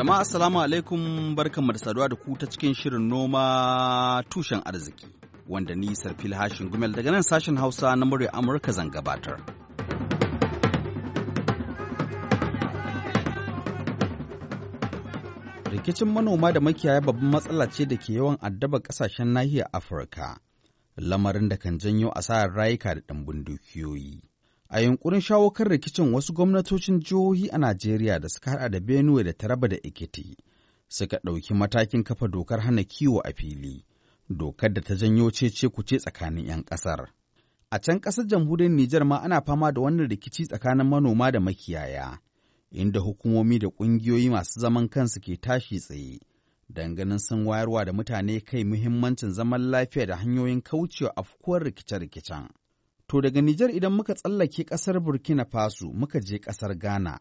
Jama'a assalamu alaikum mu da saduwa da ku ta cikin shirin noma tushen arziki wanda ni Sarfil Hashin Gumel daga nan sashen Hausa na murya Amurka zan gabatar. Rikicin manoma da makiyaya babban matsala ce da ke yawan addaba kasashen nahiyar Afirka, lamarin da kan janyo asarar rayuka da dambun dukiyoyi. A yunkurin shawo kan rikicin wasu gwamnatocin jihohi a Najeriya da suka haɗa da Benue da Taraba da Ekiti suka ɗauki matakin kafa dokar hana kiwo a fili, dokar da ta janyo cece kuce tsakanin 'yan ƙasar. A can ƙasar jamhuriyar Nijar ma ana fama da wannan rikici tsakanin manoma da makiyaya, inda hukumomi da ƙungiyoyi masu zaman kansu ke tashi tsaye. Danganin sun wayarwa da mutane kai muhimmancin zaman lafiya da hanyoyin kaucewa afkuwar rikice-rikicen. To daga Nijar idan muka tsallake ƙasar Burkina Faso muka je ƙasar Ghana.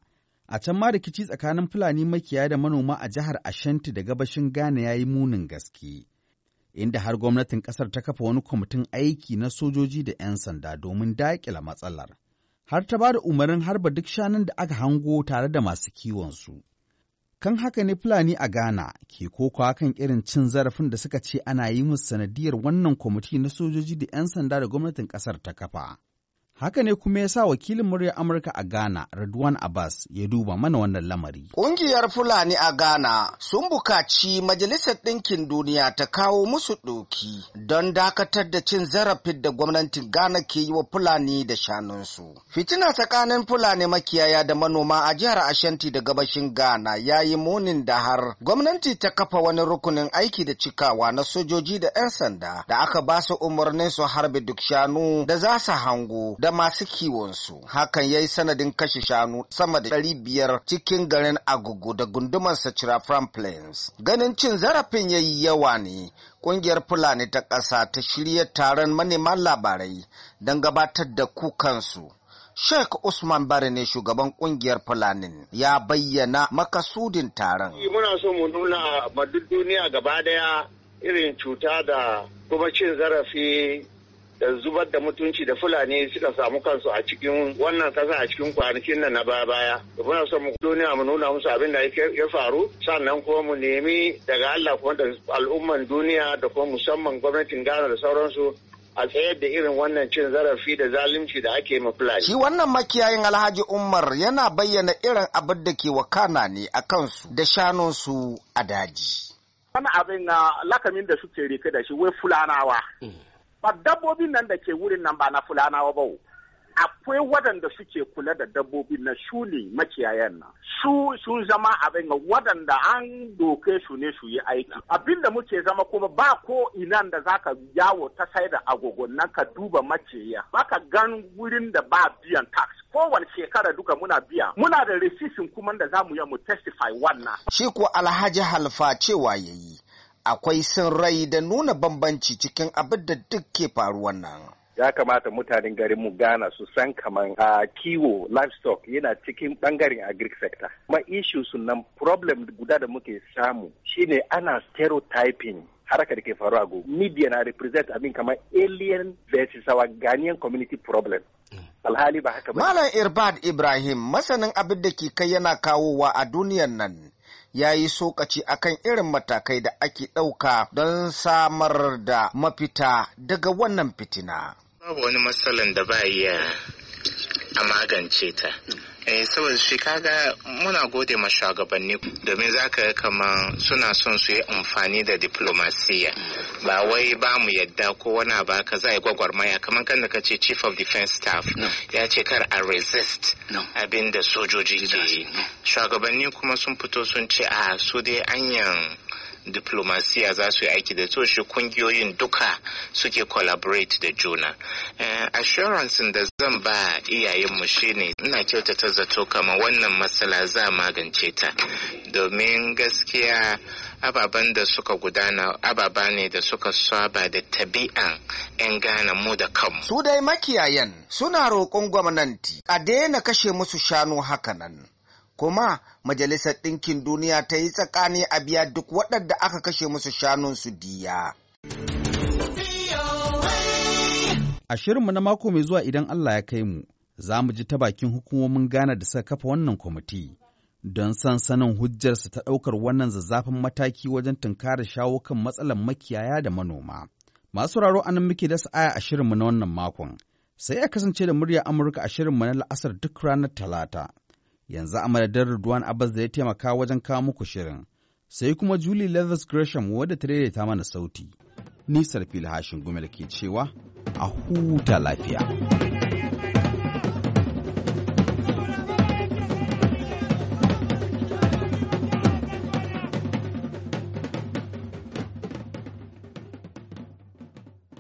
A can ma rikici tsakanin Fulani makiya da manoma a jihar Ashanti da gabashin Ghana ya yi munin gaske. Inda har gwamnatin ƙasar ta kafa wani kwamitin aiki na sojoji da 'yan sanda domin daƙila matsalar. Har ta ba da umarnin harba duk shanun da aka hango tare da masu kiwon su. Kan haka ne Fulani a Ghana ke kokawa kan irin cin zarafin da suka ce ana yi musu sanadiyar wannan kwamiti na sojoji da 'yan sanda da gwamnatin ƙasar ta kafa. Haka ne kuma ya sa wakilin murya Amurka a Ghana, Radwan Abbas, ya duba mana wannan lamari. Ƙungiyar Fulani a Ghana sun bukaci Majalisar Ɗinkin Duniya ta kawo musu ɗoki don dakatar da cin zarafin da gwamnatin Ghana ke yi wa Fulani da shanunsu. Fitina tsakanin Fulani makiyaya da manoma a jihar Ashanti da gabashin Ghana ya yi munin da har gwamnati ta kafa wani rukunin aiki da cikawa na sojoji da 'yan sanda da aka ba su umarnin su harbe duk shanu da za su hango da da masu kiwonsu. Hakan ya yi sanadin kashe shanu sama da ɗari biyar cikin garin Agugu da gundumar from Plains. Ganin cin zarafin ya yi yawa ne, ƙungiyar Fulani ta ƙasa ta shirya taron manema labarai don gabatar da kukansu. Sheikh Usman Bari ne shugaban kungiyar Fulanin ya bayyana makasudin taron. Muna so mu nuna ma duk duniya gaba daya irin cuta da kuma cin zarafi da zubar da mutunci da fulani suka samu kansu a cikin wannan kasa a cikin kwanakin nan na baya baya muna son mu duniya mu nuna musu abin da ya faru sannan kuma mu nemi daga Allah kuma da al'umman duniya da kuma musamman gwamnatin Ghana da sauransu a tsayar da irin wannan cin zarafi da zalunci da ake ma Fulani. Shi wannan makiyayin Alhaji Umar yana bayyana irin abin da ke wakana ne a kansu da shanunsu a daji. Wani abin na lakamin da suke rike da shi wai Fulanawa. Hmm. ba dabbobi nan da ke wurin nan ba na fulanawa ba akwai waɗanda suke kula da dabbobi na su ne makiyayan nan su sun zama abin waɗanda an doke su ne su yi aiki abin da muke zama kuma ba ko inan da zaka yawo ta sai da agogon nan ka duba makiya baka gan wurin da ba biyan tax kowane shekara duka muna biya muna da resisin kuma da zamu yi mu testify wannan shi ko alhaji halfa cewa yayi akwai sin rai da nuna bambanci cikin abin da duk ke faruwan nan. ya kamata mutanen garin mu Ghana su san kaman a kiwo livestock yana cikin bangaren agric sector. Ma issue nan problem guda da muke samu shine ana stereotyping haraka da ke faruwa go. Media na represent abin kamar alien versus our Ghanaian community problem. Alhali ba haka ba. Malam Irbad Ibrahim masanin abin da ke kai yana kawowa a duniyar nan. ya yi sokaci akan irin matakai da ake ɗauka don samar da mafita daga wannan fitina. Babu wani matsalan da ba iya a magance ta. eh saboda shi kaga muna gode ma shugabanni domin za ka kama suna son su yi amfani da diplomasiya ba wai ba mu yadda ko wani ba ka za yi gwagwarmaya kamar kan da ka ce chief of defense staff ya ce kar a resist abin da sojoji ke yi shugabanni kuma sun fito sun ce a ah, su dai anyan diplomasiya za su yi aiki da to shi kungiyoyin duka suke collaborate da juna eh, assurance da zan ba iyayen iyayenmu shine ina kyautata zato kama wannan matsala za magance ta domin gaskiya ababen da suka gudana ababa ne da suka saba da tabi'an 'yan gane mu da kanmu. Su dai makiyayan suna roƙon gwamnati a daina kashe musu shanu haka nan! kuma majalisar ɗinkin duniya ta yi tsakani a biya duk waɗanda aka kashe musu shanunsu diya. A shirinmu na mako mai zuwa idan Allah ya kai mu, za mu ji ta bakin hukumomin Ghana da suka kafa wannan kwamiti don sansanin hujjarsa ta ɗaukar wannan zazzafin mataki wajen tunkara shawo kan matsalar makiyaya da manoma. Masu raro anan muke da aya a shirinmu na wannan makon, sai a kasance da murya Amurka a shirinmu na la'asar duk ranar Talata. yanzu a madadin Ridwan Abbas da ya taimaka wajen kawo muku shirin, sai kuma Julie Leathers Gresham wadda ta daidaita mana sauti. Nisar fil hashin gumel ke cewa a huta lafiya.